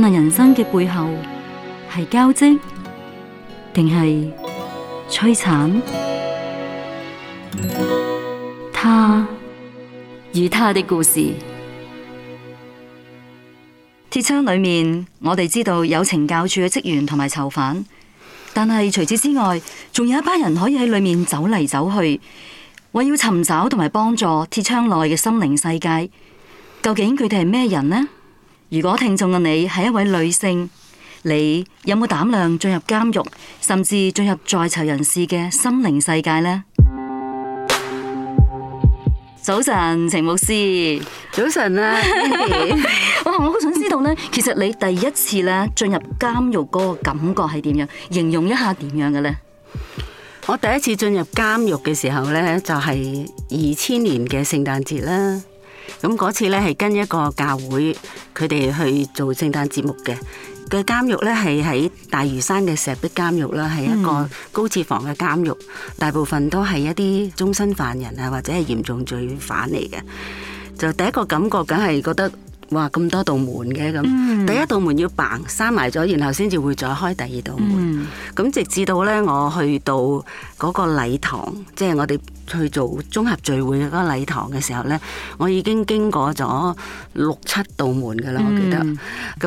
那人生嘅背後係交織，定係摧殘？他與他的故事，鐵窗裏面，我哋知道有懲教處嘅職員同埋囚犯，但係除此之外，仲有一班人可以喺裏面走嚟走去，為要尋找同埋幫助鐵窗內嘅心靈世界。究竟佢哋係咩人呢？如果聽眾嘅你係一位女性，你有冇膽量進入監獄，甚至進入在囚人士嘅心靈世界呢？早晨，程牧師。早晨啊！我我好想知道呢，其實你第一次咧進入監獄嗰個感覺係點樣？形容一下點樣嘅呢？我第一次進入監獄嘅時候呢，就係二千年嘅聖誕節啦。咁嗰次咧，係跟一個教會佢哋去做聖誕節目嘅。個監獄咧，係喺大嶼山嘅石壁監獄啦，係一個高設防嘅監獄，嗯、大部分都係一啲終身犯人啊，或者係嚴重罪犯嚟嘅。就第一個感覺，梗係覺得。哇！咁多道門嘅咁，第一道門要掹，閂埋咗，然後先至會再開第二道門。咁、嗯、直至到咧，我去到嗰個禮堂，即係我哋去做綜合聚會嗰個禮堂嘅時候咧，我已經經過咗六七道門噶啦，我記得。咁、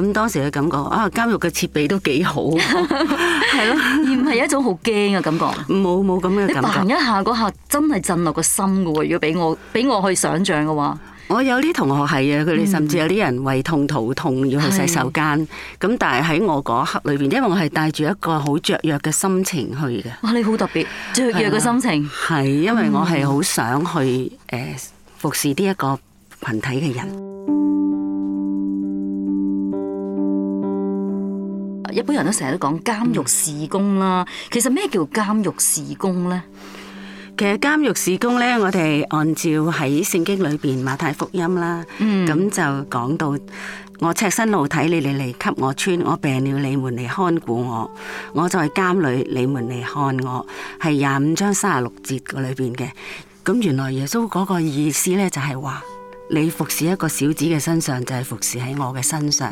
嗯、當時嘅感覺啊，監獄嘅設備都幾好，啊，係咯 了，而唔係一種好驚嘅感覺。冇冇咁嘅樣感覺你掹一下嗰下，真係震落個心噶喎！如果俾我俾我去想像嘅話。我有啲同學係啊，佢哋甚至有啲人胃痛、肚痛要去洗手間。咁但係喺我嗰一刻裏邊，因為我係帶住一個好雀躍嘅心情去嘅。哇！你好特別，雀躍嘅心情。係，因為我係好想去誒服侍呢一個羣體嘅人。一般人都成日都講監獄事工啦，其實咩叫監獄事工呢？其實監獄事工咧，我哋按照喺聖經裏邊馬太福音啦，咁、嗯、就講到我赤身露體，你哋嚟給我穿；我病了，你們嚟看顧我；我在監裏，你們嚟看我。係廿五章三十六節嗰裏邊嘅。咁原來耶穌嗰個意思咧，就係話你服侍一個小子嘅身上，就係、是、服侍喺我嘅身上。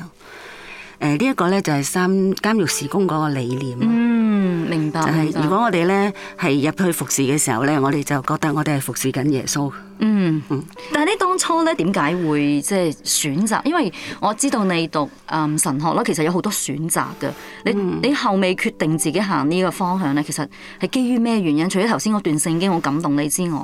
誒呢一個咧就係三監獄事工嗰個理念，嗯、明白就係如果我哋咧係入去服侍嘅時候咧，我哋就覺得我哋係服侍緊耶穌。嗯，嗯但係呢當初咧點解會即係選擇？因為我知道你讀神學啦，其實有好多選擇嘅。你、嗯、你後尾決定自己行呢個方向咧，其實係基於咩原因？除咗頭先嗰段聖經好感動你之外，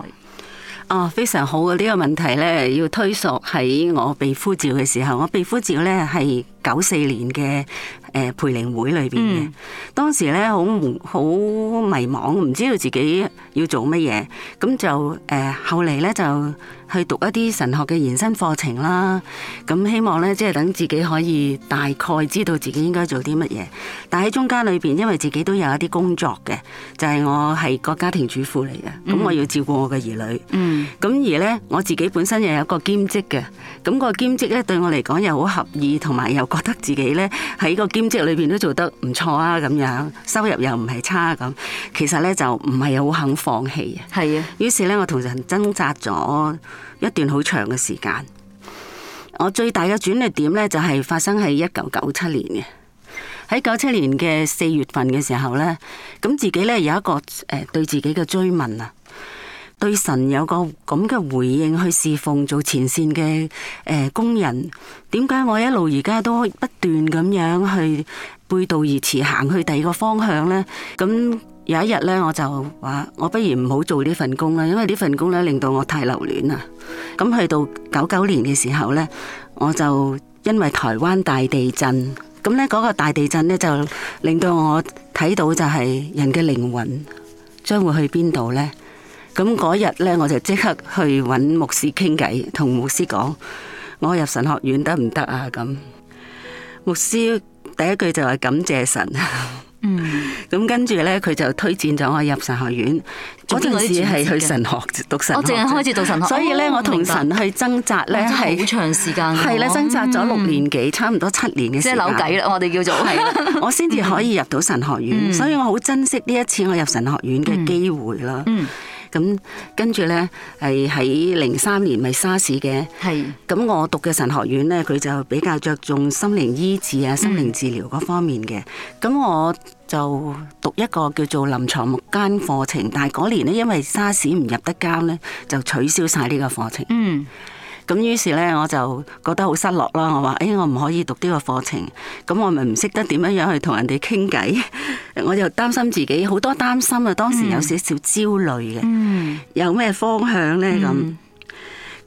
啊、哦，非常好嘅呢、這個問題咧，要推索喺我被呼召嘅時候，我被呼召咧係。九四年嘅誒培靈會裏邊嘅，嗯、當時咧好好迷茫，唔知道自己要做乜嘢，咁就誒、呃、後嚟咧就去讀一啲神學嘅延伸課程啦，咁希望咧即係等自己可以大概知道自己應該做啲乜嘢。但喺中間裏邊因為自己都有一啲工作嘅，就係、是、我係個家庭主婦嚟嘅，咁我要照顧我嘅兒女，咁、嗯嗯、而咧我自己本身又有個兼職嘅，咁、那個兼職咧對我嚟講又好合意同埋又。覺得自己咧喺個兼職裏邊都做得唔錯啊，咁樣收入又唔係差咁，其實咧就唔係好肯放棄嘅。係啊的，於是咧我同人掙扎咗一段好長嘅時間。我最大嘅轉捩點咧就係發生喺一九九七年嘅喺九七年嘅四月份嘅時候咧，咁自己咧有一個誒對自己嘅追問啊。對神有個咁嘅回應，去侍奉做前線嘅誒、呃、工人。點解我一路而家都不斷咁樣去背道而馳行去第二個方向呢？咁有一日呢，我就話我不如唔好做呢份工啦，因為呢份工咧令到我太留戀啦。咁去到九九年嘅時候呢，我就因為台灣大地震，咁呢，嗰個大地震呢就令到我睇到就係人嘅靈魂將會去邊度呢？咁嗰日咧，我就即刻去搵牧師傾偈，同牧師講：我入神學院得唔得啊？咁牧師第一句就話感謝神。嗯，咁跟住咧，佢就推薦咗我入神學院。嗰陣時係去神學讀神學。我正開始做神學，所以咧，我同神去掙扎咧係好長時間，係咧掙扎咗六年幾，嗯、差唔多七年嘅時間。即係扭計啦，我哋叫做， 我先至可以入到神學院，嗯、所以我好珍惜呢一次我入神學院嘅機會啦。嗯嗯咁跟住咧，係喺零三年咪沙士嘅。係咁是我讀嘅神學院咧，佢就比較着重心靈醫治啊、心靈治療嗰方面嘅。咁、嗯、我就讀一個叫做臨床木間課程，但係嗰年咧，因為沙士唔入得監咧，就取消晒呢個課程。嗯。咁於是咧，我就覺得好失落啦。我話，誒，我唔可以讀呢個課程，咁我咪唔識得點樣樣去同人哋傾偈。 我就擔心自己好多擔心啊。當時有少少焦慮嘅，嗯、有咩方向咧？咁、嗯、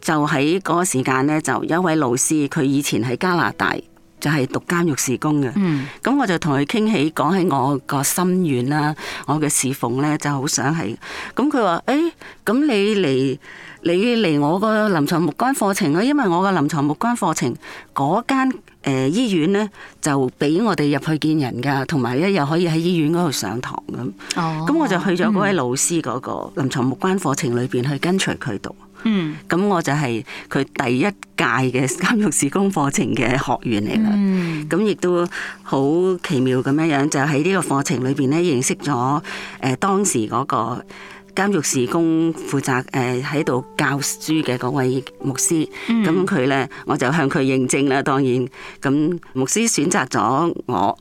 就喺嗰個時間咧，就有一位老師，佢以前喺加拿大就係、是、讀監獄事工嘅。咁、嗯、我就同佢傾起，講起我個心願啦，我嘅侍奉咧就好想係。咁佢話，誒，咁你嚟？你嚟我，臨我，臨、呃、我，我個臨床牧關課程啊，因為我個臨床牧關課程嗰間誒醫院咧，就俾我哋入去見人噶，同埋一日可以喺醫院嗰度上堂咁。哦，咁我就去咗嗰位老師嗰個臨牀牧關課程裏邊去跟隨佢讀。嗯，咁我就係佢第一屆嘅監獄事工課程嘅學員嚟啦。嗯，咁亦都好奇妙咁樣樣，就喺、是、呢個課程裏邊咧認識咗誒、呃、當時嗰、那個。監獄事工負責誒喺度教書嘅嗰位牧師，咁佢咧，我就向佢認證啦。當然咁牧師選擇咗我，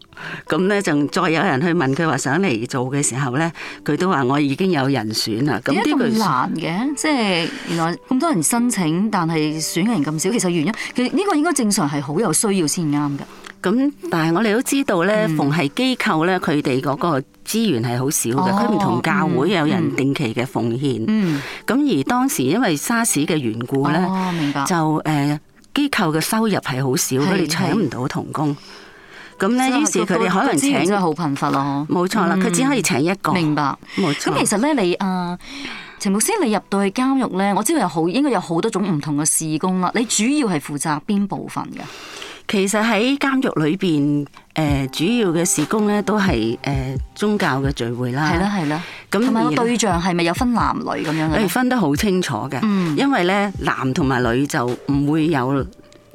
咁咧就再有人去問佢話想嚟做嘅時候咧，佢都話我已經有人選啦。咁呢個難嘅，即係 原來咁多人申請，但係選嘅人咁少，其實原因其實呢個應該正常係好有需要先啱㗎。咁，但係我哋都知道咧，逢係機構咧，佢哋嗰個資源係好少嘅。佢唔、哦、同教會有人定期嘅奉獻。咁、嗯、而當時因為沙士嘅緣故咧，哦、明白就誒機構嘅收入係好少，佢哋請唔到同工。咁咧以，於是佢哋可能請嘅好貧乏咯。冇、啊、錯啦，佢只可以請一個。嗯、明白，冇錯。咁其實咧，你啊、呃，陳牧師，你入到去監獄咧，我知道有好應該有好多種唔同嘅事工啦。你主要係負、負責邊部分嘅？其實喺監獄裏邊，誒、呃、主要嘅事工咧都係誒、呃、宗教嘅聚會啦。係啦，係啦。咁同埋對象係咪有分男女咁樣？誒分得好清楚嘅，嗯、因為咧男同埋女就唔會有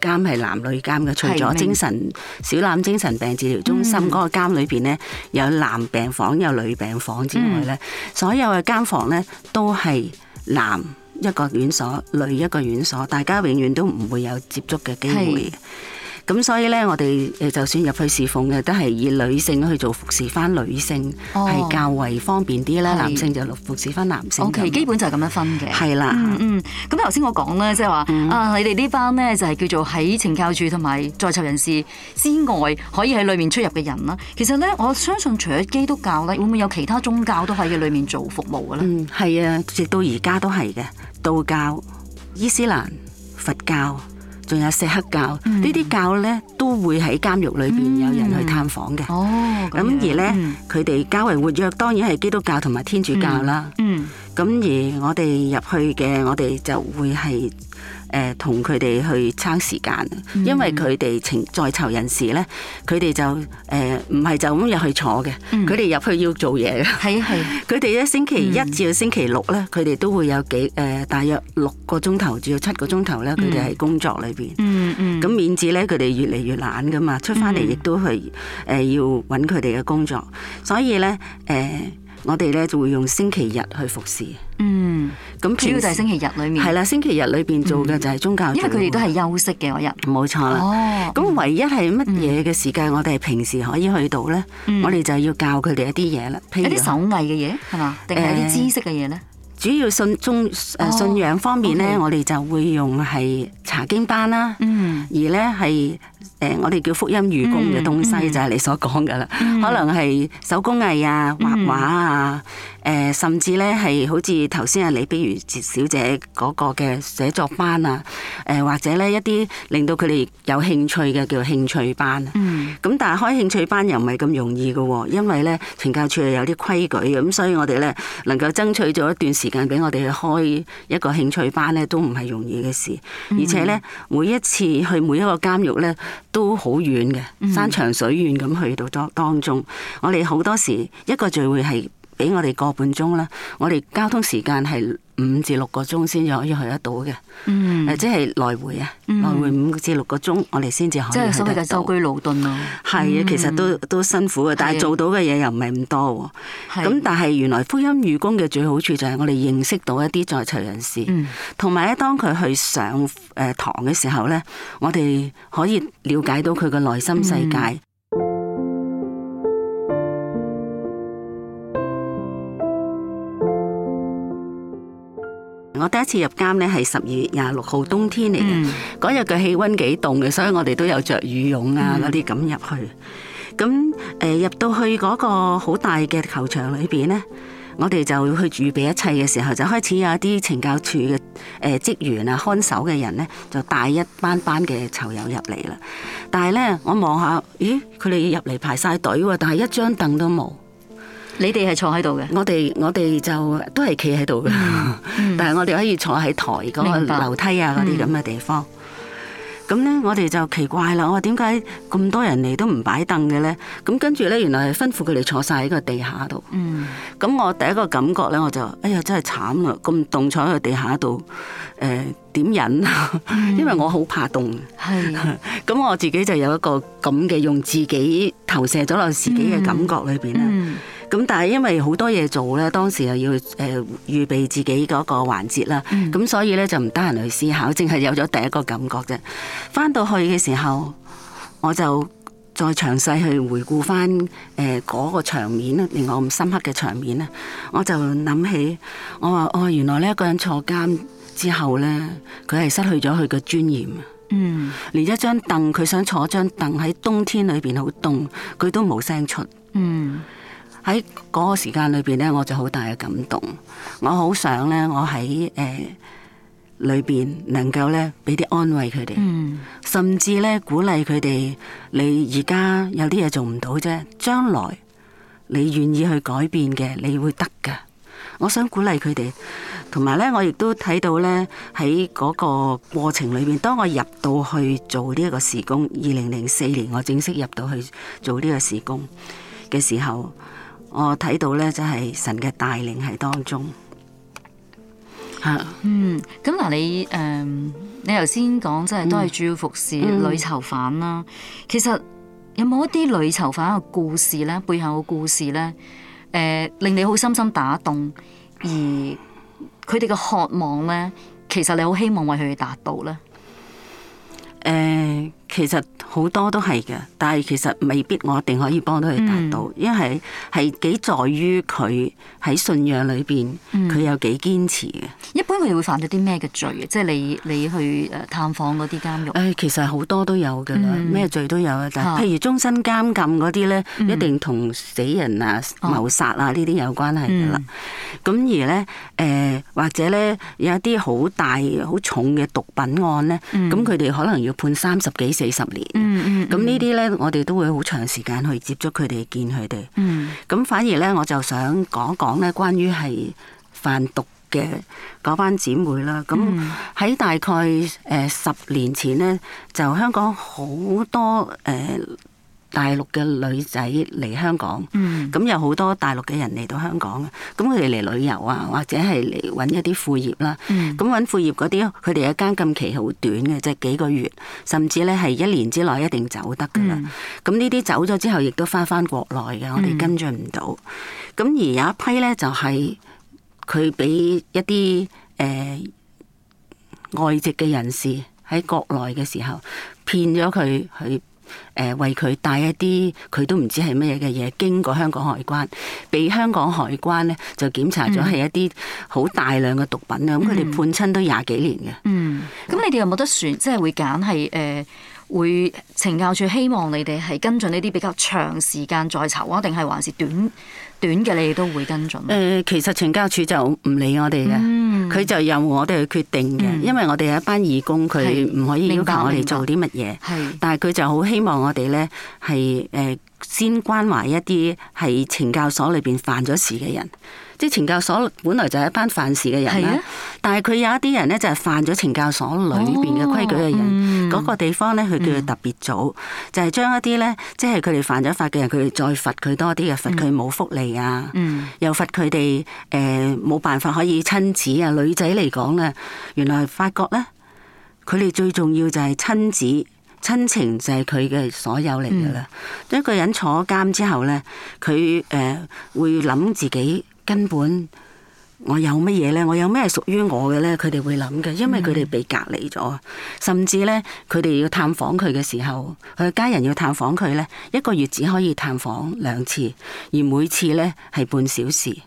監係男女監嘅。除咗精神的小欖精神病治療中心嗰個監裏邊咧，嗯、有男病房有女病房之外咧，嗯、所有嘅監房咧都係男一個院所，女一個院所，大家永遠都唔會有接觸嘅機會。咁所以咧，我哋誒就算入去侍奉嘅，都係以女性去做服侍翻女性，係較為方便啲咧。是男性就服侍翻男性。O、okay, K，基本就係咁樣分嘅。係啦的、嗯。嗯。咁頭先我講咧，即係話啊，你哋呢班咧就係、是、叫做喺懲教處同埋在囚人士之外，可以喺裏面出入嘅人啦。其實咧，我相信除咗基督教咧，會唔會有其他宗教都可以喺裏面做服務嘅咧？嗯，係啊，直到而家都係嘅。道教、伊斯蘭、佛教。仲有錫克教呢啲、嗯、教咧，都會喺監獄裏邊有人去探訪嘅。哦，咁而咧佢哋較為活躍，嗯、當然係基督教同埋天主教啦、嗯。嗯，咁而我哋入去嘅，我哋就會係。誒同佢哋去爭時間，因為佢哋情在囚人士咧，佢哋就誒唔係就咁入去坐嘅，佢哋入去要做嘢嘅。係啊係。佢哋咧星期一至到星期六咧，佢哋都會有幾誒、呃，大約六個鐘頭至到七個鐘頭咧，佢哋喺工作裏邊、嗯。嗯嗯。咁免治咧，佢哋越嚟越懶㗎嘛，出翻嚟亦都係誒、呃、要揾佢哋嘅工作，所以咧誒。呃我哋咧就會用星期日去服侍。嗯，咁平時主要就係星期日裏面，係啦，星期日裏邊做嘅就係宗教。因為佢哋都係休息嘅，嗰日冇錯啦。哦，咁、嗯、唯一係乜嘢嘅時間，我哋係平時可以去到咧。嗯、我哋就要教佢哋一啲嘢啦，譬如一啲手藝嘅嘢係嘛，定係一啲知識嘅嘢咧？主要信宗誒信仰方面咧，哦 okay、我哋就會用係查經班啦。嗯，而咧係。誒，我哋叫福音愚公嘅東西，嗯嗯、就係你所講噶啦，嗯、可能係手工藝啊、畫畫啊。嗯嗯誒、呃，甚至咧係好似頭先啊，李碧如小姐嗰個嘅寫作班啊，誒、呃、或者咧一啲令到佢哋有興趣嘅叫興趣班。咁、嗯、但係開興趣班又唔係咁容易嘅、哦，因為咧，懲教處係有啲規矩嘅，咁所以我哋咧能夠爭取咗一段時間俾我哋去開一個興趣班咧，都唔係容易嘅事。而且咧，嗯、每一次去每一個監獄咧都好遠嘅，山長水遠咁去到當當中，嗯、我哋好多時一個聚會係，俾我哋個半鐘啦，我哋交通時間係五至六個鐘先至可以去得到嘅，誒、嗯，即係來回啊，嗯、來回五至六個鐘，我哋先至可以去得到。舟車勞頓咯，係啊，其實都都辛苦嘅，但係做到嘅嘢，又唔係咁多，咁但係原來福音預工嘅最好處就係我哋認識到一啲在場人士，同埋咧，當佢去上誒堂嘅時候咧，我哋可以了解到佢嘅內心世界。嗯我第一次入監咧，係十二月廿六號冬天嚟嘅，嗰、嗯、日嘅氣温幾凍嘅，所以我哋都有着羽絨啊嗰啲咁入去。咁誒、呃、入到去嗰個好大嘅球場裏邊咧，我哋就去預備一切嘅時候，就開始有一啲懲教署嘅誒職員啊、看守嘅人咧，就帶一班班嘅囚友入嚟啦。但係咧，我望下，咦，佢哋入嚟排晒隊喎，但係一張凳都冇。你哋係坐喺度嘅，我哋我哋就都係企喺度嘅，mm. 但係我哋可以坐喺台嗰個樓梯啊嗰啲咁嘅地方。咁咧，我哋就奇怪啦，我話點解咁多人嚟，都唔擺凳嘅咧？咁跟住咧，原來係吩咐佢哋坐晒喺個地下度。嗯。咁我第一個感覺咧，我就哎呀，真係慘呀！咁凍坐喺個地下度，誒、呃，點忍？ 因為我好怕凍。係。咁我自己就有一個咁嘅用自己投射咗落自己嘅感覺裏邊啦。咁但係因為好多嘢做咧，當時又要誒預備自己嗰個環節啦，咁、嗯、所以咧就唔得閒去思考，淨係有咗第一個感覺啫。翻到去嘅時候，我就再詳細去回顧翻誒嗰個場面，令我咁深刻嘅場面咧，我就諗起我話哦，原來呢一個人坐監之後咧，佢係失去咗佢嘅尊嚴啊，嗯、連一張凳，佢想坐張凳喺冬天裏邊好凍，佢都冇聲出。嗯喺嗰個時間裏邊咧，我就好大嘅感動。我好想咧，我喺誒裏邊能夠咧俾啲安慰佢哋，甚至咧鼓勵佢哋。你而家有啲嘢做唔到啫，將來你願意去改變嘅，你會得㗎。我想鼓勵佢哋。同埋咧，我亦都睇到咧喺嗰個過程裏邊，當我入到去做呢一個時工，二零零四年我正式入到去做呢個時工嘅時候。我睇到咧，就係神嘅帶領喺當中。吓，嗯，咁嗱、呃，你誒，你頭先講即係都係主要服侍女囚犯啦。嗯嗯、其實有冇一啲女囚犯嘅故事咧，背後嘅故事咧，誒、呃，令你好深深打動，而佢哋嘅渴望咧，其實你好希望為佢哋達到咧。誒。呃其實好多都係嘅，但係其實未必我哋可以幫到佢達到，嗯、因為係幾在於佢喺信仰裏邊，佢、嗯、有幾堅持嘅。一般佢哋會犯咗啲咩嘅罪啊？即係你你去誒探訪啲監獄，誒其實好多都有㗎啦，咩、嗯、罪都有啊。但係譬如終身監禁啲咧，嗯、一定同死人啊、謀殺啊呢啲有關係㗎啦。咁、嗯嗯、而咧誒、呃、或者咧有一啲好大好重嘅毒品案咧，咁佢哋可能要判三十幾。幾十年，咁呢啲咧，嗯、我哋都會好長時間去接觸佢哋，見佢哋。咁反而咧，我就想講講咧，關於係販毒嘅嗰班姐妹啦。咁喺大概誒十年前咧，就香港好多誒。呃大陸嘅女仔嚟香港，咁有好多大陸嘅人嚟到香港，咁佢哋嚟旅遊啊，或者係嚟揾一啲副業啦、啊。咁揾副業嗰啲，佢哋嘅監禁期好短嘅，即、就、係、是、幾個月，甚至咧係一年之內一定、嗯、走得㗎喇。咁呢啲走咗之後，亦都返返國內嘅，我哋跟進唔到。咁、嗯、而有一批呢，就係佢俾一啲誒、呃、外籍嘅人士喺國內嘅時候騙咗佢去。誒，為佢帶一啲佢都唔知係乜嘢嘅嘢，經過香港海關，俾香港海關咧就檢查咗係一啲好大量嘅毒品咧，咁佢哋判親都廿幾年嘅。嗯，咁你哋有冇得選？即係會揀係誒，會懲教處希望你哋係跟進呢啲比較長時間在囚，定係還是短？短嘅你都會跟進。誒、呃，其實懲教處就唔理我哋嘅，佢、嗯、就由我哋去決定嘅。嗯、因為我哋有一班義工，佢唔可以要求我哋做啲乜嘢。係，但係佢就好希望我哋咧係誒先關懷一啲係懲教所裏邊犯咗事嘅人。啲懲教所本來就係一班犯事嘅人、啊、但係佢有一啲人咧就係犯咗懲教所裏邊嘅規矩嘅人，嗰、哦嗯、個地方咧佢叫做特別組，嗯、就係將一啲咧即係佢哋犯咗法嘅人，佢哋再罰佢多啲嘅，罰佢冇福利啊，嗯、又罰佢哋誒冇辦法可以親子啊，女仔嚟講咧，原來發覺咧，佢哋最重要就係親子親情就係佢嘅所有嚟噶啦。嗯嗯、一個人坐監之後咧，佢誒、呃、會諗自己。根本我有乜嘢咧？我有咩屬於我嘅咧？佢哋會諗嘅，因為佢哋被隔離咗，甚至咧，佢哋要探訪佢嘅時候，佢家人要探訪佢咧，一個月只可以探訪兩次，而每次咧，係半小時，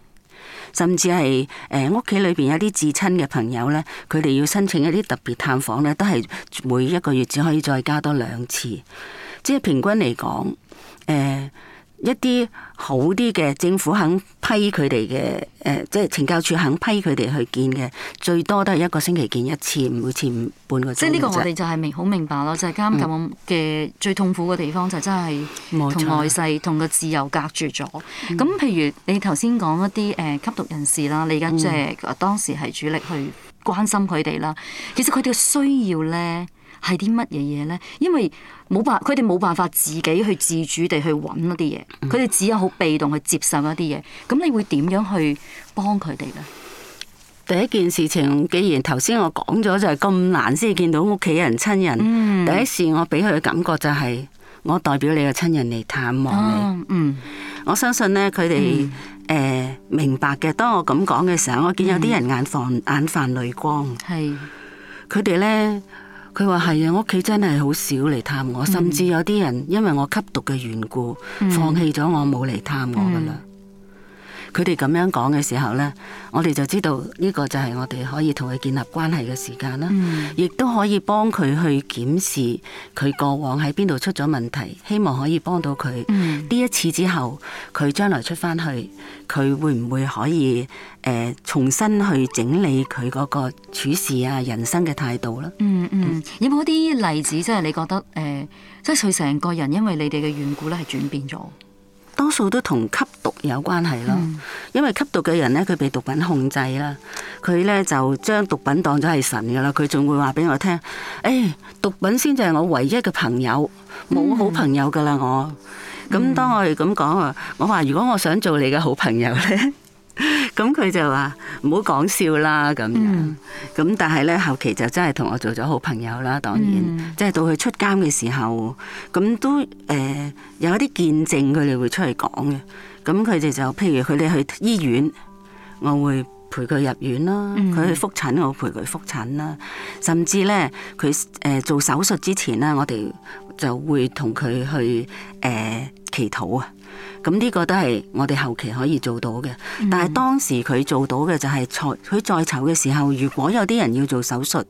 甚至係誒屋企裏邊有啲至親嘅朋友咧，佢哋要申請一啲特別探訪咧，都係每一個月只可以再加多兩次，即係平均嚟講誒。呃一啲好啲嘅政府肯批佢哋嘅，誒、呃，即係懲教處肯批佢哋去見嘅，最多都係一個星期見一次，唔會前半個時。即係呢個我哋就係明好明白咯，就係、是、監禁嘅最痛苦嘅地方、嗯、就真係同外世同個自由隔住咗。咁錯譬如你頭先講一啲誒吸毒人士啦，你而家即係當時係主力去關心佢哋啦，嗯、其實佢哋嘅需要咧。係啲乜嘢嘢咧？因為冇辦，佢哋冇辦法自己去自主地去揾嗰啲嘢，佢哋、嗯、只有好被動去接受一啲嘢。咁你會點樣去幫佢哋咧？第一件事情，既然頭先我講咗就係、是、咁難先見到屋企人親人。嗯、第一次我俾佢嘅感覺就係、是、我代表你嘅親人嚟探望你。哦、嗯，我相信咧，佢哋誒明白嘅。當我咁講嘅時候，我見有啲人眼放、嗯、眼泛淚光，係佢哋咧。佢話係啊，我屋企真係好少嚟探我，甚至有啲人因為我吸毒嘅緣故，放棄咗我冇嚟探我㗎喇。佢哋咁樣講嘅時候咧，我哋就知道呢個就係我哋可以同佢建立關係嘅時間啦。亦都、嗯、可以幫佢去檢視佢過往喺邊度出咗問題，希望可以幫到佢。呢、嗯、一次之後，佢將來出返去，佢會唔會可以誒、呃、重新去整理佢嗰個處事啊、人生嘅態度咧？嗯嗯，有冇啲例子即係、就是、你覺得誒，即係佢成個人因為你哋嘅緣故咧係轉變咗？多數都同吸毒有關係咯，因為吸毒嘅人咧，佢被毒品控制啦，佢咧就將毒品當咗係神噶啦，佢仲會話俾我聽，誒、哎，毒品先至係我唯一嘅朋友，冇好朋友噶啦我。咁、嗯、當我哋咁講啊，我話如果我想做你嘅好朋友咧。咁佢 就話唔好講笑啦，咁樣咁，hmm. 但係咧後期就真係同我做咗好朋友啦。當然，mm hmm. 即係到佢出監嘅時候，咁都誒、呃、有一啲見證，佢哋會出去講嘅。咁佢哋就譬如佢哋去醫院，我會陪佢入院啦，佢、mm hmm. 去復診我陪佢復診啦，甚至咧佢誒做手術之前咧，我哋就會同佢去誒、呃、祈禱啊。咁呢個都係我哋後期可以做到嘅，但係當時佢做到嘅就係、是、籌，佢在籌嘅時候，如果有啲人要做手術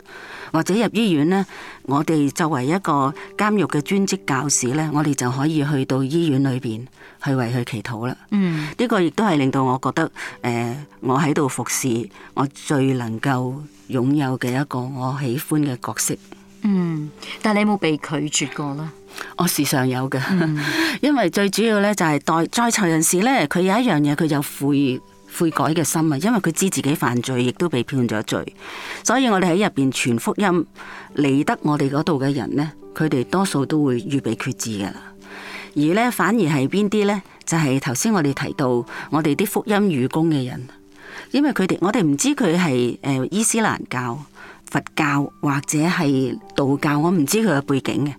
或者入醫院呢，我哋作為一個監獄嘅專職教士呢，我哋就可以去到醫院裏邊去為佢祈禱啦。嗯，呢個亦都係令到我覺得，誒、呃，我喺度服侍我最能夠擁有嘅一個我喜歡嘅角色。嗯，但係你有冇被拒絕過呢？我時常有嘅， 因為最主要咧就係代在囚人士咧，佢有一樣嘢，佢有悔悔改嘅心啊，因為佢知自己犯罪，亦都被判咗罪，所以我哋喺入邊傳福音，嚟得我哋嗰度嘅人咧，佢哋多數都會預備決志噶啦，而咧反而係邊啲咧？就係頭先我哋提到我哋啲福音預工嘅人，因為佢哋我哋唔知佢係誒伊斯蘭教、佛教或者係道教，我唔知佢嘅背景嘅。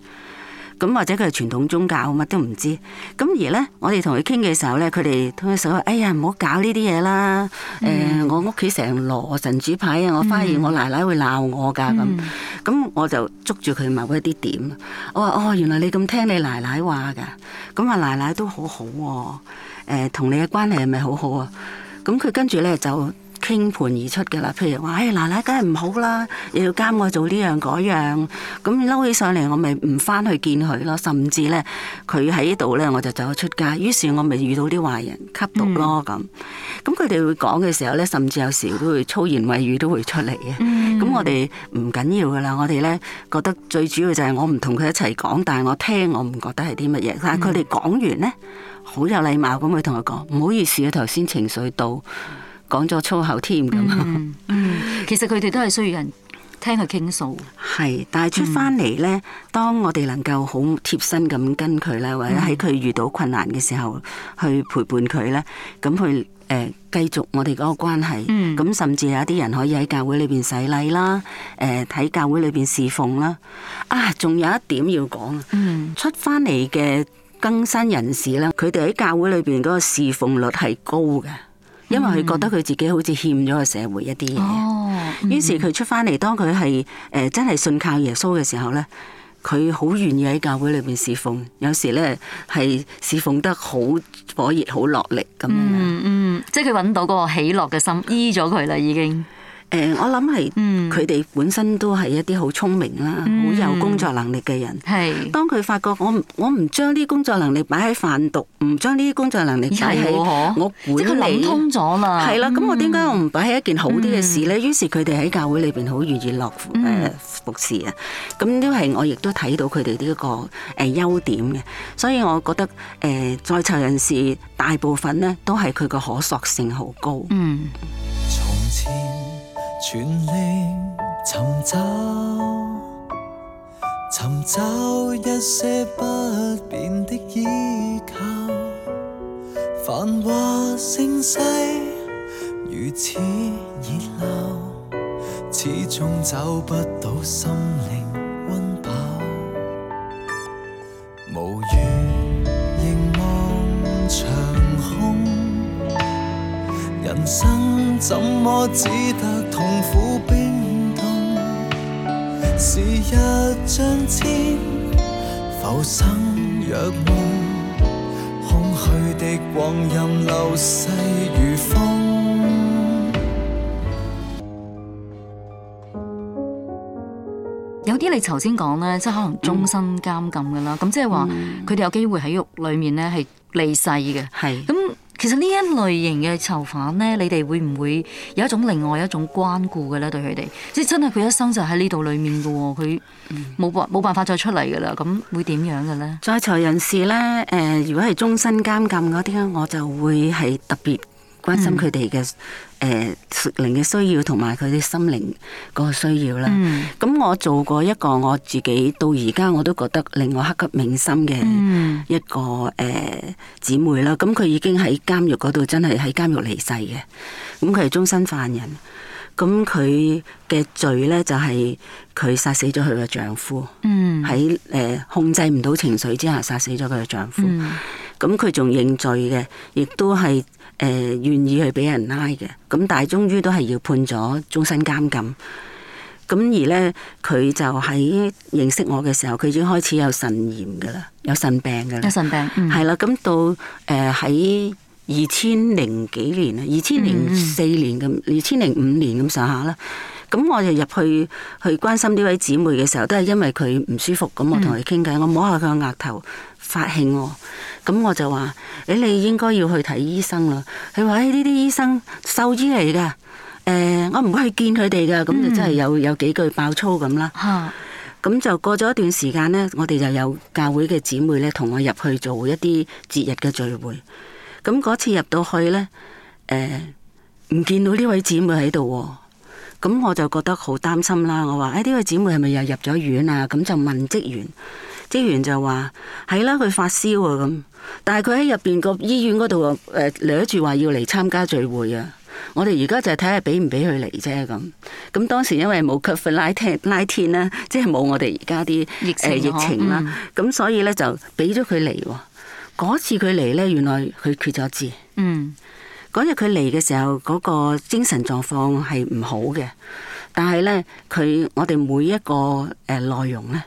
咁或者佢係傳統宗教，乜都唔知。咁而咧，我哋同佢傾嘅時候咧，佢哋通常話：哎呀，唔好搞呢啲嘢啦。誒、嗯呃，我屋企成籮神主牌啊，我發現我奶奶會鬧我㗎咁。咁、嗯嗯、我就捉住佢埋嗰啲點。我話：哦，原來你咁聽你奶奶話㗎。咁啊，奶奶都好好喎。誒，同你嘅關係係咪好好啊？咁、呃、佢、啊啊、跟住咧就。傾盤而出嘅啦，譬如話：哎，奶奶梗係唔好啦，又要監我做呢樣嗰樣，咁嬲起上嚟，我咪唔翻去見佢咯。甚至咧，佢喺度咧，我就走咗出街。於是，我咪遇到啲壞人吸毒咯咁。咁佢哋會講嘅時候咧，甚至有時都會粗言穢語都會出嚟嘅。咁、嗯、我哋唔緊要噶啦，我哋咧覺得最主要就係我唔同佢一齊講，但係我聽，我唔覺得係啲乜嘢。但係佢哋講完咧，好有禮貌咁去同佢講，唔好意思啊，頭先情緒到。講咗粗口添咁、嗯嗯，其實佢哋都係需要人聽佢傾訴。係，但係出翻嚟呢，嗯、當我哋能夠好貼身咁跟佢咧，或者喺佢遇到困難嘅時候、嗯、去陪伴佢咧，咁去誒繼續我哋嗰個關係。咁、嗯、甚至有啲人可以喺教會裏邊洗禮啦，誒、呃、睇教會裏邊侍奉啦。啊，仲有一點要講、嗯、出翻嚟嘅更新人士啦，佢哋喺教會裏邊嗰個侍奉率係高嘅。因為佢覺得佢自己好似欠咗個社會一啲嘢，哦嗯，於是佢出翻嚟。當佢係誒真係信靠耶穌嘅時候咧，佢好願意喺教會裏邊侍奉，有時咧係侍奉得好火熱、好落力咁樣。嗯嗯，即係佢揾到嗰個喜樂嘅心，醫咗佢啦已經了了。誒，嗯、我諗係佢哋本身都係一啲好聰明啦，好、嗯、有工作能力嘅人。係是，當佢發覺我我唔將啲工作能力擺喺販毒，唔將啲工作能力擺喺我，即係佢諗通咗嘛。係啦的，咁、嗯、我點解我唔擺喺一件好啲嘅事咧？嗯、於是佢哋喺教會裏邊好願意落服、嗯、服侍啊。咁都係我亦都睇到佢哋呢一個誒優點嘅。所以我覺得誒，在、呃、囚人士大部分咧都係佢個可塑性好高。嗯。全力尋找，尋找一些不變的依靠。繁華盛世如此熱鬧，始終找不到心靈。人生怎麼只得痛苦冰凍？時日像天浮生若夢，空虛的光陰流逝如風。有啲你頭先講呢，即係可能終身監禁㗎啦。咁即係話佢哋有機會喺獄裡面呢係離世嘅。係咁。其實呢一類型嘅囚犯咧，你哋會唔會有一種另外一種關顧嘅咧？對佢哋，即係真係佢一生就喺呢度裏面噶喎，佢冇冇辦法再出嚟噶啦，咁會點樣嘅咧？嗯、在囚人士咧，誒、呃，如果係終身監禁嗰啲咧，我就會係特別。關心佢哋嘅，誒，靈、呃、嘅需要同埋佢哋心靈嗰個需要啦。咁、嗯、我做過一個我自己到而家我都覺得令我刻骨銘心嘅一個誒姊、嗯呃、妹啦。咁佢已經喺監獄嗰度，真係喺監獄離世嘅。咁佢係終身犯人，咁佢嘅罪咧就係佢殺死咗佢嘅丈夫。喺誒、嗯呃、控制唔到情緒之下殺死咗佢嘅丈夫。咁佢仲認罪嘅，亦都係。誒、呃，願意去俾人拉嘅，咁但係終於都係要判咗終身監禁。咁而咧，佢就喺認識我嘅時候，佢已經開始有腎炎噶啦，有腎病噶啦。有腎病。係、嗯、啦，咁到誒喺二千零幾年啊，二千零四年咁，二千零五年咁上下啦。咁我就入去去關心呢位姊妹嘅時候，都係因為佢唔舒服。咁我同佢傾偈，我摸下佢個額頭發興。咁我就話、欸：，你你應該要去睇醫生啦。佢話：，哎、欸，呢啲醫生獸醫嚟噶。誒、欸，我唔會去見佢哋噶。咁就真係有有幾句爆粗咁啦。咁就過咗一段時間咧，我哋就有教會嘅姊妹咧，同我入去做一啲節日嘅聚會。咁嗰次入到去咧，誒、欸，唔見到呢位姊妹喺度。咁我就覺得好擔心啦，我話：哎，呢個姊妹係咪又入咗院啊？咁就問職員，職員就話：係啦，佢發燒啊咁。但係佢喺入邊個醫院嗰度誒，攣住話要嚟參加聚會啊。我哋而家就係睇下俾唔俾佢嚟啫咁。咁當時因為冇 COVID-19 即係冇我哋而家啲疫情、呃、疫情啦，咁、嗯、所以咧就俾咗佢嚟喎。嗰次佢嚟咧，原來佢缺咗字。嗯。嗰日佢嚟嘅時候，嗰、那個精神狀況係唔好嘅，但係咧，佢我哋每一個誒內、呃、容咧，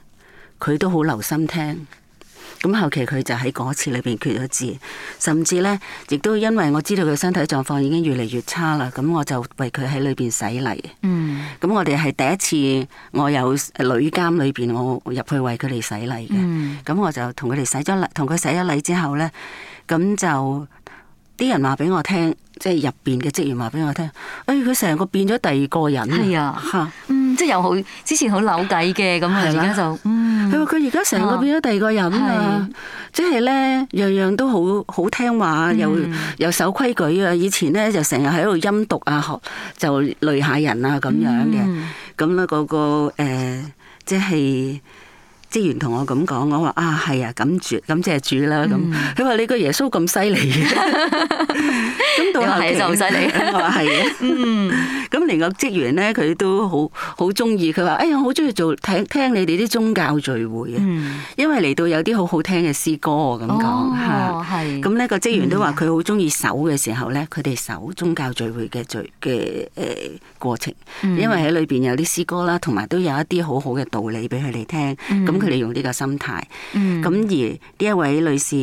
佢都好留心聽。咁、嗯、後期佢就喺嗰次裏邊決咗志，甚至咧亦都因為我知道佢身體狀況已經越嚟越差啦，咁我就為佢喺裏邊洗禮。嗯。咁我哋係第一次，我有女監裏邊，我入去為佢哋洗禮嘅。嗯。咁我就同佢哋洗咗禮，同佢洗咗禮之後咧，咁就。啲人話俾我聽，即係入邊嘅職員話俾我聽，哎佢成個變咗第二個人。係啊，嚇、啊，嗯，即係又好之前好扭計嘅咁，而家就，佢話佢而家成個變咗第二個人啦，即係咧樣樣都好好聽話，又又守規矩啊！以前咧就成日喺度陰毒啊，學就累下人啊咁樣嘅，咁咧、嗯那個個即係。呃就是職員同我咁講，我話啊，係啊，咁住，咁即係主啦咁。佢話、mm. 你個耶穌咁犀利，咁導航器就唔犀利。 我話係啊，嗯。咁另一個職員咧，佢都好好中意。佢話：哎呀，好中意做聽聽你哋啲宗教聚會啊，mm. 因為嚟到有啲好好聽嘅詩歌啊。咁講嚇係。咁呢個職員都話佢好中意守嘅時候咧，佢哋守宗教聚會嘅聚嘅誒過程，mm. 因為喺裏邊有啲詩歌啦，同埋都有一啲好好嘅道理俾佢哋聽。咁、mm. mm. 佢利用呢個心態，咁而呢一位女士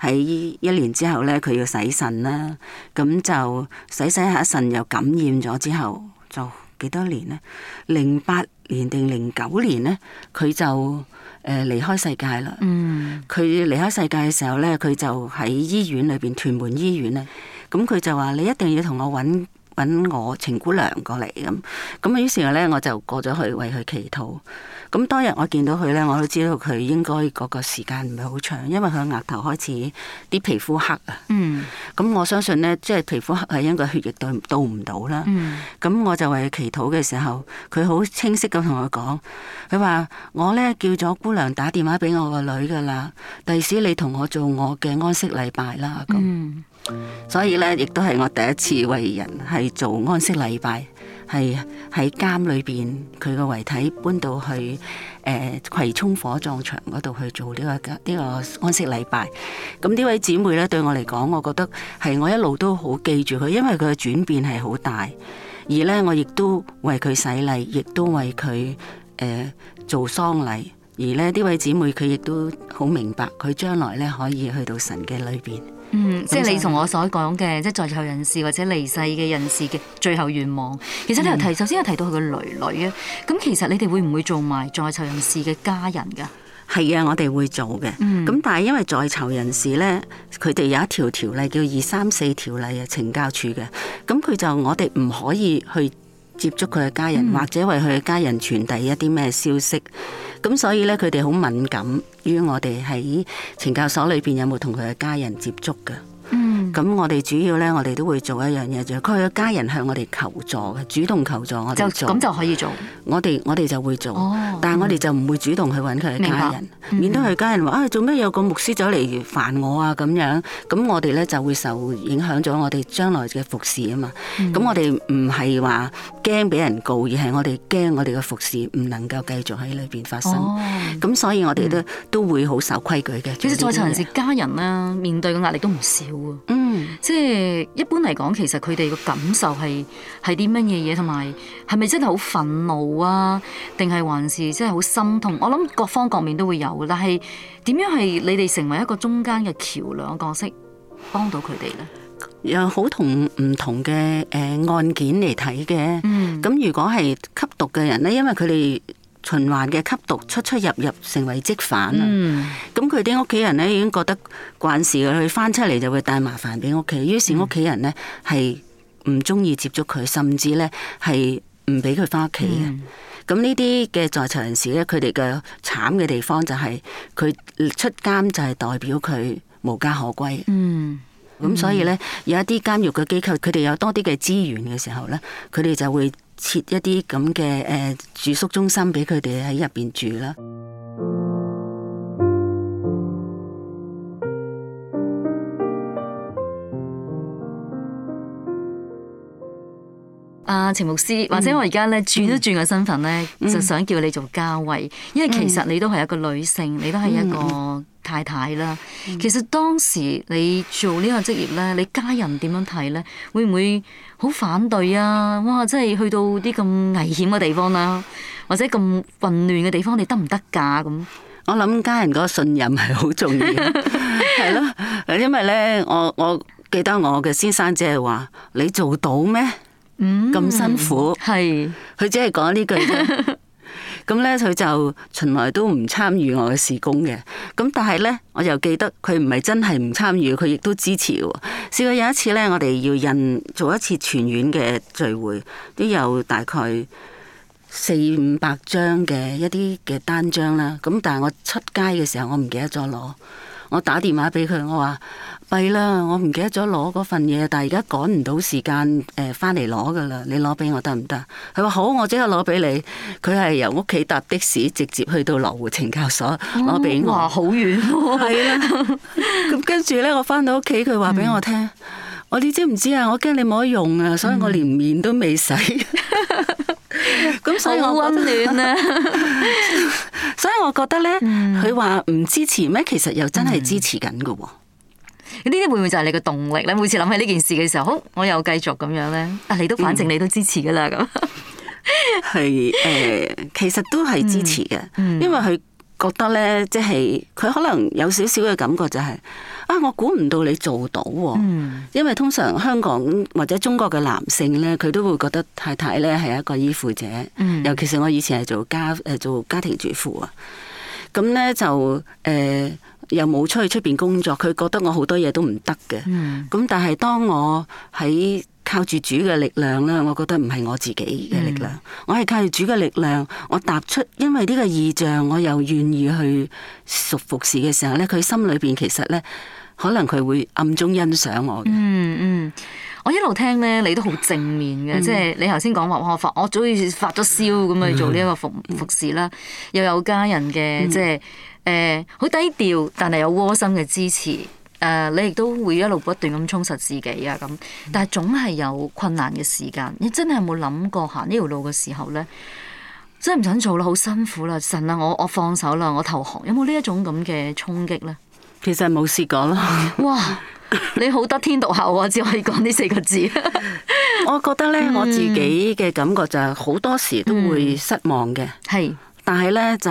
喺一年之後咧，佢要洗腎啦，咁就洗洗下腎又感染咗之後，就幾多年咧？零八年定零九年咧，佢就誒離開世界啦。嗯，佢離開世界嘅時候咧，佢就喺醫院裏邊屯門醫院咧，咁佢就話你一定要同我揾。揾我程姑娘過嚟咁，咁於是咧我就過咗去為佢祈禱。咁當日我見到佢咧，我都知道佢應該嗰個時間唔係好長，因為佢額頭開始啲皮膚黑啊。嗯。咁我相信咧，即係皮膚黑係應該血液到到唔到啦。嗯。咁我就為佢祈禱嘅時候，佢好清晰咁同我講，佢話我咧叫咗姑娘打電話俾我個女噶啦，第時你同我做我嘅安息禮拜啦咁。所以咧，亦都係我第一次為人係做安息禮拜，係喺監裏邊，佢個遺體搬到去誒、呃、葵涌火葬場嗰度去做呢、這個呢、這個安息禮拜。咁、嗯、呢位姐妹咧，對我嚟講，我覺得係我一路都好記住佢，因為佢嘅轉變係好大。而咧，我亦都為佢洗禮，亦都為佢誒、呃、做喪禮。而呢，呢位姐妹佢亦都好明白，佢將來咧可以去到神嘅裏邊。嗯，即係你同我所講嘅，即係在囚人士或者離世嘅人士嘅最後願望。其實你又提，嗯、首先又提到佢個囡囡啊。咁其實你哋會唔會做埋在囚人士嘅家人噶？係呀，我哋會做嘅。咁、嗯、但係因為在囚人士咧，佢哋有一條條例叫二三四條例啊，懲教署嘅。咁佢就我哋唔可以去接觸佢嘅家人，或者為佢嘅家人傳遞一啲咩消息。咁所以咧，佢哋好敏感於我哋喺懲教所裏邊有冇同佢嘅家人接觸嘅。咁我哋主要咧，我哋都會做一樣嘢，就佢嘅家人向我哋求助，主動求助我哋咁就，就可以做。我哋我哋就會做，哦嗯、但係我哋就唔會主動去揾佢嘅家人，免到佢家人話：做咩、嗯啊、有個牧師走嚟煩我啊？咁樣咁我哋咧就會受影響咗我哋將來嘅服侍啊嘛。咁、嗯、我哋唔係話驚俾人告，而係我哋驚我哋嘅服侍唔能夠繼續喺裏邊發生。咁、哦嗯、所以我哋都、嗯、都會好守規矩嘅。其實在場人士家人咧，面對嘅壓力都唔少喎。嗯，即係一般嚟講，其實佢哋個感受係係啲乜嘢嘢，同埋係咪真係好憤怒啊？定係還是真係好心痛？我諗各方各面都會有，但係點樣係你哋成為一個中間嘅橋樑角色，幫到佢哋咧？有好同唔同嘅誒案件嚟睇嘅，咁、嗯、如果係吸毒嘅人咧，因為佢哋。循環嘅吸毒出出入入成為積犯啊！咁佢啲屋企人咧已經覺得慣事，佢翻出嚟就會帶麻煩俾屋企，於是屋企人咧係唔中意接觸佢，甚至咧係唔俾佢翻屋企嘅。咁呢啲嘅在囚人士咧，佢哋嘅慘嘅地方就係、是、佢出監就係代表佢無家可歸。嗯，咁、嗯、所以咧有一啲監獄嘅機構，佢哋有多啲嘅資源嘅時候咧，佢哋就會。設一啲咁嘅誒住宿中心俾佢哋喺入邊住啦。阿陳、啊、牧師，嗯、或者我而家咧轉一轉個身份咧，就、嗯、想叫你做家慧，因為其實你都係一個女性，你都係一個太太啦。嗯、其實當時你做呢個職業咧，你家人點樣睇咧？會唔會？好反對啊！哇，即係去到啲咁危險嘅地方啦、啊，或者咁混亂嘅地方，你得唔得㗎？咁我諗家人個信任係好重要，係咯？ 因為咧，我我記得我嘅先生只係話：你做到咩？咁、嗯、辛苦，係佢、嗯、只係講呢句啫。 咁咧，佢就從來都唔參與我嘅事工嘅。咁但係咧，我又記得佢唔係真係唔參與，佢亦都支持嘅。試過有一次咧，我哋要印做一次全院嘅聚會，都有大概四五百張嘅一啲嘅單張啦。咁但係我出街嘅時候，我唔記得咗攞。我打電話俾佢，我話：弊啦，我唔記得咗攞嗰份嘢，但係而家趕唔到時間誒，返嚟攞㗎喇，你攞俾我得唔得？佢話好，我即刻攞俾你。佢係由屋企搭的士直接去到羅湖懲教所攞俾我。哦，哇，好遠喎，哦！ 係啦，咁跟住咧，我返到屋企，佢話俾我聽：我哋知唔知啊？我驚你冇得用啊，所以我連面都未洗。 咁所以我溫暖啊，所以我覺得咧，佢話唔支持咩？其實又真係支持緊噶。咁呢啲會唔會就係你個動力咧？你每次諗起呢件事嘅時候，好，我又繼續咁樣咧。啊，你都反正你都支持噶啦，咁係誒，其實都係支持嘅，嗯、因為佢。覺得咧，即係佢可能有少少嘅感覺就係、是、啊，我估唔到你做到喎、哦。Mm. 因為通常香港或者中國嘅男性咧，佢都會覺得太太咧係一個依附者。Mm. 尤其是我以前係做家誒做家庭主婦啊，咁、嗯、咧就誒、呃、又冇出去出邊工作，佢覺得我好多嘢都唔得嘅。咁、mm. 但係當我喺靠住主嘅力量咧，我覺得唔係我自己嘅力量，嗯、我係靠住主嘅力量，我踏出，因為呢個異象，我又願意去熟服侍嘅時候咧，佢心裏邊其實咧，可能佢會暗中欣賞我嘅。嗯嗯，我一路聽咧，你都好正面嘅，嗯、即係你頭先講話我發，我早已發咗燒咁去做呢一個服、嗯、服侍啦，又有家人嘅，嗯、即係誒，好、呃、低調，但係有窩心嘅支持。誒，你亦都會一路不斷咁充實自己啊，咁，但係總係有困難嘅時間。你真係有冇諗過行呢條路嘅時候咧，真係唔想做啦，好辛苦啦，神啊，我我放手啦，我投降。有冇呢一種咁嘅衝擊咧？其實冇試過啦。哇，你好得天獨厚啊， 只可以講呢四個字。 我覺得咧，我自己嘅感覺就係好多時都會失望嘅。係、嗯。嗯但係咧就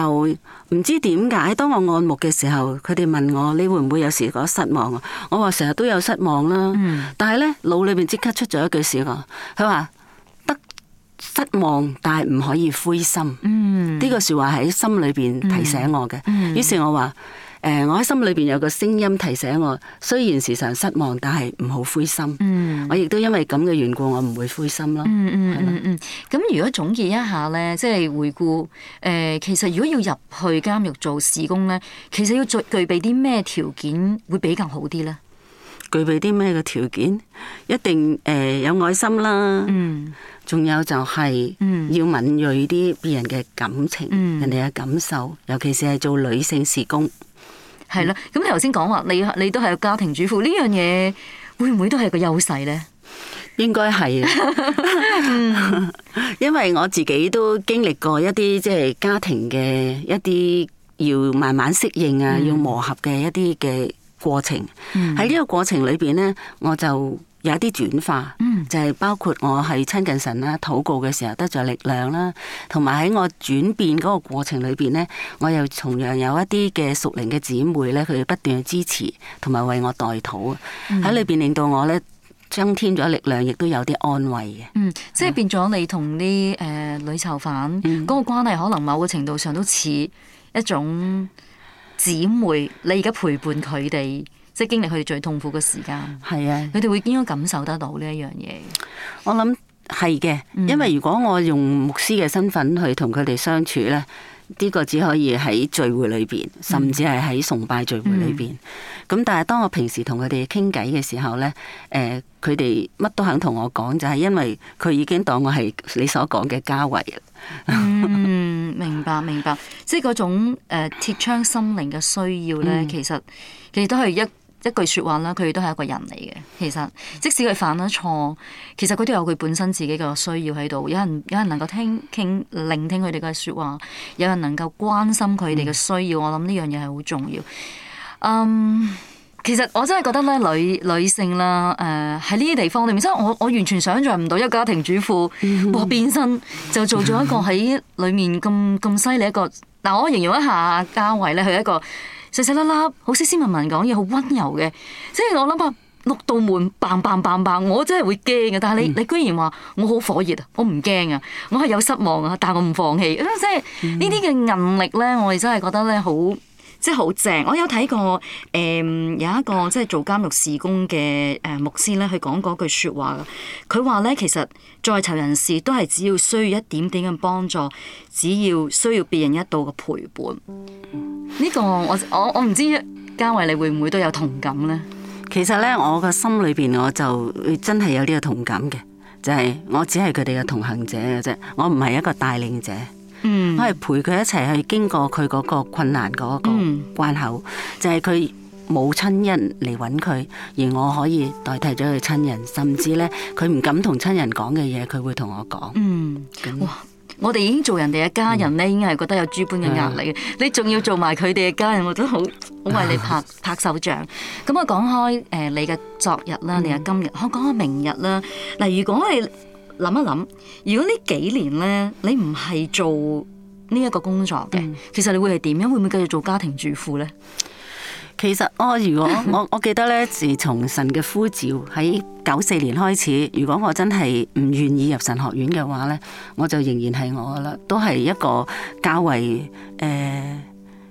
唔知點解，當我按目嘅時候，佢哋問我：你會唔會有時覺得失望？我話成日都有失望啦。嗯、但係咧腦裏面即刻出咗一句説話，佢話得失望，但係唔可以灰心。呢、嗯、個説話喺心裏邊提醒我嘅。嗯、於是我，我話。誒，我喺心裏邊有個聲音提醒我，雖然時常失望，但係唔好灰心。嗯、我亦都因為咁嘅緣故，我唔會灰心咯、嗯。嗯的嗯咁、嗯嗯、如果總結一下咧，即係回顧誒、呃，其實如果要入去監獄做事工咧，其實要具具備啲咩條件會比較好啲咧？具備啲咩嘅條件？一定誒、呃、有愛心啦。仲、嗯、有就係，要敏鋭啲別人嘅感情，嗯嗯、人哋嘅感受，尤其是係做女性事工。係啦，咁你頭先講話你你，你都係家庭主婦呢樣嘢，會唔會都係個優勢呢？應該係 因為我自己都經歷過一啲即係家庭嘅一啲要慢慢適應啊，要磨合嘅一啲嘅過程。喺呢個過程裏邊呢，我就。有啲轉化，就係、嗯、包括我係親近神啦、禱告嘅時候得咗力量啦，同埋喺我轉變嗰個過程裏邊咧，我又同樣有一啲嘅屬靈嘅姊妹咧，佢哋不斷支持同埋為我代禱，喺裏邊令到我咧增添咗力量，亦都有啲安慰嘅。嗯，即係變咗你同啲誒女囚犯嗰、嗯、個關係，可能某個程度上都似一種姊妹，你而家陪伴佢哋。即係經歷佢哋最痛苦嘅時間，係啊的！佢哋會應該感受得到呢一樣嘢？我諗係嘅，嗯、因為如果我用牧師嘅身份去同佢哋相處咧，呢、這個只可以喺聚會裏邊，甚至係喺崇拜聚會裏邊。咁、嗯、但係當我平時同佢哋傾偈嘅時候咧，誒佢哋乜都肯同我講，就係、是、因為佢已經當我係你所講嘅嘉衞。 嗯，明白明白，即係嗰種誒、呃、鐵窗心靈嘅需要咧，其實其實都係一。一句説話啦，佢都係一個人嚟嘅。其實即使佢犯咗錯，其實佢都有佢本身自己嘅需要喺度。有人有人能夠聽傾聆聽佢哋嘅説話，有人能夠關心佢哋嘅需要。我諗呢樣嘢係好重要。嗯，um，其實我真係覺得咧，女女性啦，誒喺呢啲地方裏面，即係我我完全想像唔到一個家庭主婦話 變身就做咗一個喺裏面咁咁犀利一個。嗱，我形容一下嘉慧咧，佢係一個。細細粒粒，好斯斯文文講嘢，好溫柔嘅。即係我諗下六道門，bang bang bang bang 我真係會驚嘅。但係你、嗯、你居然話我好火熱啊，我唔驚啊，我係有失望啊，但我唔放棄。即係呢啲嘅韌力咧，我哋真係覺得咧好。即係好正，我有睇過誒、嗯、有一個即係做監獄事工嘅誒牧師咧，去講嗰句説話噶，佢話咧其實在囚人士都係只要需要一點點嘅幫助，只要需要別人一道嘅陪伴。呢、嗯，呢個我我我唔知嘉慧你會唔會都有同感咧？其實咧，我嘅心裏邊我就真係有呢個同感嘅，就係、是、我只係佢哋嘅同行者嘅啫，就是、我唔係一個帶領者。我係陪佢一齊去經過佢嗰個困難嗰個關口，嗯、就係佢冇親人嚟揾佢，而我可以代替咗佢親人，甚至咧佢唔敢同親人講嘅嘢，佢會同我講。嗯，樣哇！我哋已經做人哋一家人咧，嗯、已經係覺得有諸般嘅壓力，嗯、你仲要做埋佢哋嘅家人，我都好好為你拍、啊、拍手掌。咁我講開誒，你嘅昨日啦，你嘅今日，嗯、我講下明日啦。嗱，如果你諗一諗，如果呢幾年咧，你唔係做呢一個工作嘅，嗯、其實你會係點樣？會唔會繼續做家庭主婦咧？其實我如果我 我記得咧，自從神嘅呼召喺九四年開始，如果我真係唔願意入神學院嘅話咧，我就仍然係我啦，都係一個較為誒、呃、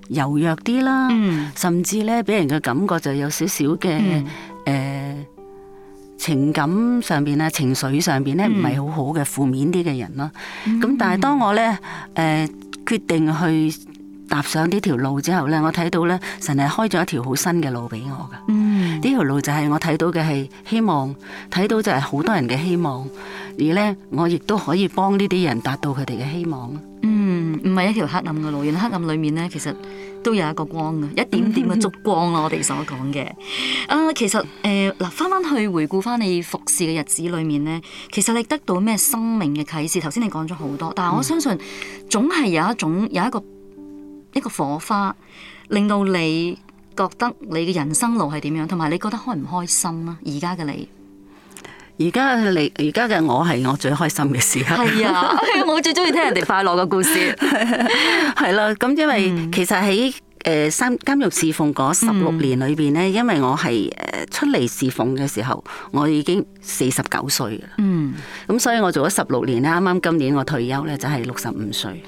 柔弱啲啦，嗯、甚至咧俾人嘅感覺就有少少嘅誒。嗯呃情感上邊咧，情緒上邊咧，唔係好好嘅，負面啲嘅人咯。咁、嗯、但係當我咧，誒、呃、決定去踏上呢條路之後咧，我睇到咧，神係開咗一條好新嘅路俾我噶。嗯，呢條路就係我睇到嘅係希望，睇到就係好多人嘅希望，而咧我亦都可以幫呢啲人達到佢哋嘅希望咯。嗯，唔係一條黑暗嘅路，而喺黑暗裏面咧，其實。都有一個光嘅，一點點嘅燭光咯。我哋所講嘅，啊，其實誒嗱，翻、呃、翻去回顧翻你服侍嘅日子裏面咧，其實你得到咩生命嘅啟示？頭先你講咗好多，但係我相信總係有一種有一個一個火花，令到你覺得你嘅人生路係點樣，同埋你覺得開唔開心啦？而家嘅你。而家嚟，而家嘅我係我最開心嘅時候。係啊， 我最中意聽人哋快樂嘅故事 。係啦，咁因為其實喺誒監監獄侍奉嗰十六年裏邊咧，因為我係誒出嚟侍奉嘅時候，我已經四十九歲啦。嗯，咁所以我做咗十六年咧，啱啱今年我退休咧，就係六十五歲。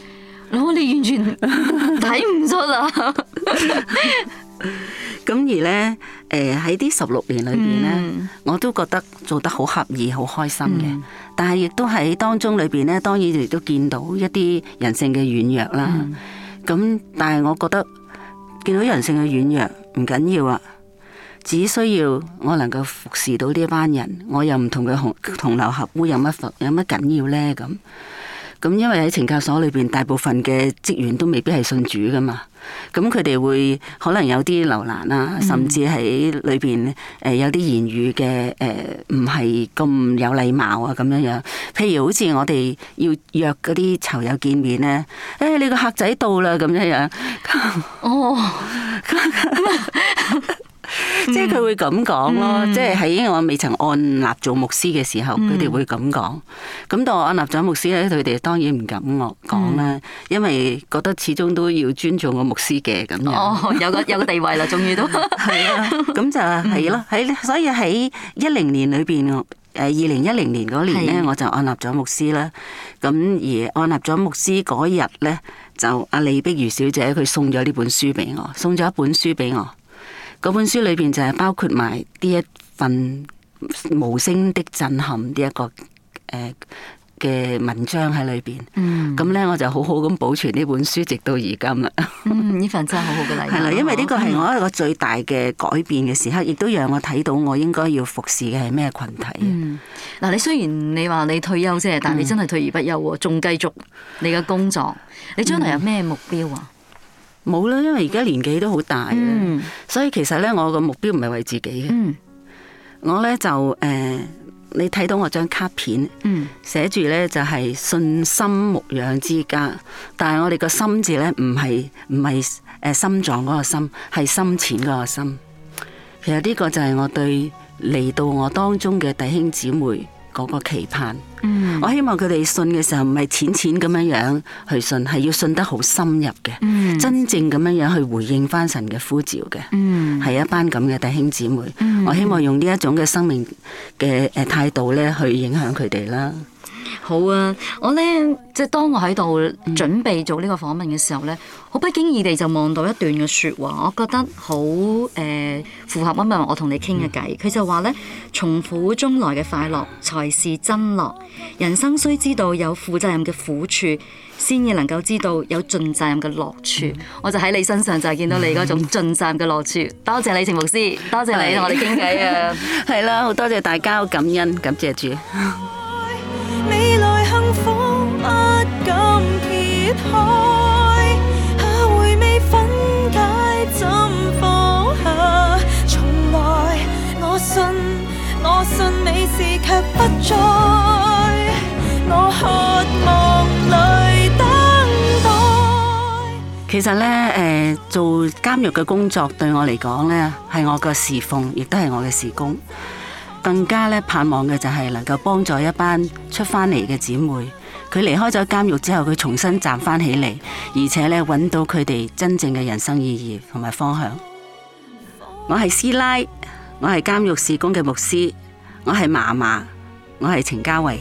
我、哦、你完全睇唔出啊！ 咁而咧，誒喺啲十六年裏邊咧，嗯、我都覺得做得好合意，好開心嘅。嗯、但係亦都喺當中裏邊咧，當然亦都見到一啲人性嘅軟弱啦。咁、嗯、但係我覺得見到人性嘅軟弱唔緊要啊，只需要我能夠服侍到呢一班人，我又唔同佢同同流合污有，有乜服有乜緊要咧？咁。咁因為喺懲教所裏邊，大部分嘅職員都未必係信主噶嘛，咁佢哋會可能有啲留難啊，甚至喺裏邊誒、呃、有啲言語嘅誒唔係咁有禮貌啊咁樣樣，譬如好似我哋要約嗰啲囚友見面咧，誒、欸、你個客仔到啦咁樣樣哦。 嗯、即係佢會咁講咯，嗯、即係喺我未曾按立做牧師嘅時候，佢哋、嗯、會咁講。咁到我按立咗牧師咧，佢哋當然唔敢我講啦，嗯、因為覺得始終都要尊重個牧師嘅咁樣。哦，有個有個地位啦，終於 都係 啊。咁就係咯，喺、嗯、所以喺一零年裏邊，誒，二零一零年嗰年咧，我就按立咗牧師啦。咁而按立咗牧師嗰日咧，就阿李碧如小姐佢送咗呢本書俾我，送咗一本書俾我。嗰本書裏邊就係包括埋呢一份無聲的震撼，呢一個誒嘅、呃、文章喺裏邊。咁咧、嗯，我就好好咁保存呢本書，直到而今啦。呢、嗯、份真係好好嘅禮物。係啦， 因為呢個係我一個最大嘅改變嘅時刻，亦、嗯、都讓我睇到我應該要服侍嘅係咩群體。嗱、嗯，你雖然你話你退休啫，但係你真係退而不休喎，仲、嗯、繼續你嘅工作。你將來有咩目標啊？嗯冇啦，因為而家年紀都好大啦，嗯、所以其實咧，我個目標唔係為自己嘅，嗯、我咧就誒、呃，你睇到我張卡片，寫住咧就係信心牧養之家，但係我哋個心字咧唔係唔係誒心臟嗰個心，係心淺嗰個心。其實呢個就係我對嚟到我當中嘅弟兄姊妹。嗰個期盼，嗯、我希望佢哋信嘅時候唔係淺淺咁樣樣去信，係要信得好深入嘅，嗯、真正咁樣樣去回應翻神嘅呼召嘅，係、嗯、一班咁嘅弟兄姊妹。嗯、我希望用呢一種嘅生命嘅誒態度咧，去影響佢哋啦。好啊！我咧，即係當我喺度準備做呢個訪問嘅時候咧，好、嗯、不經意地就望到一段嘅說話，我覺得好誒、呃、符合今日我同你傾嘅偈。佢就話咧：從苦中來嘅快樂才是真樂。人生需知道有負責任嘅苦處，先至能夠知道有盡責任嘅樂處。嗯、我就喺你身上就係見到你嗰種盡責任嘅樂處。多謝，謝你，程牧師，多謝，謝你同我哋傾偈啊！係啦、 啊，好多謝大家，好感恩，感謝主。我我我不不揭，回分解，怎放下？信，信你渴望等待。其實呢，誒、呃，做監獄嘅工作對我嚟講呢係我嘅侍奉，亦都係我嘅事工。更加盼望嘅就係能夠幫助一班出翻嚟嘅姊妹，佢離開咗監獄之後，佢重新站翻起嚟，而且咧搵到佢哋真正嘅人生意義同埋方向。我係師奶，我係監獄事工嘅牧師，我係嫲嫲，我係程家慧。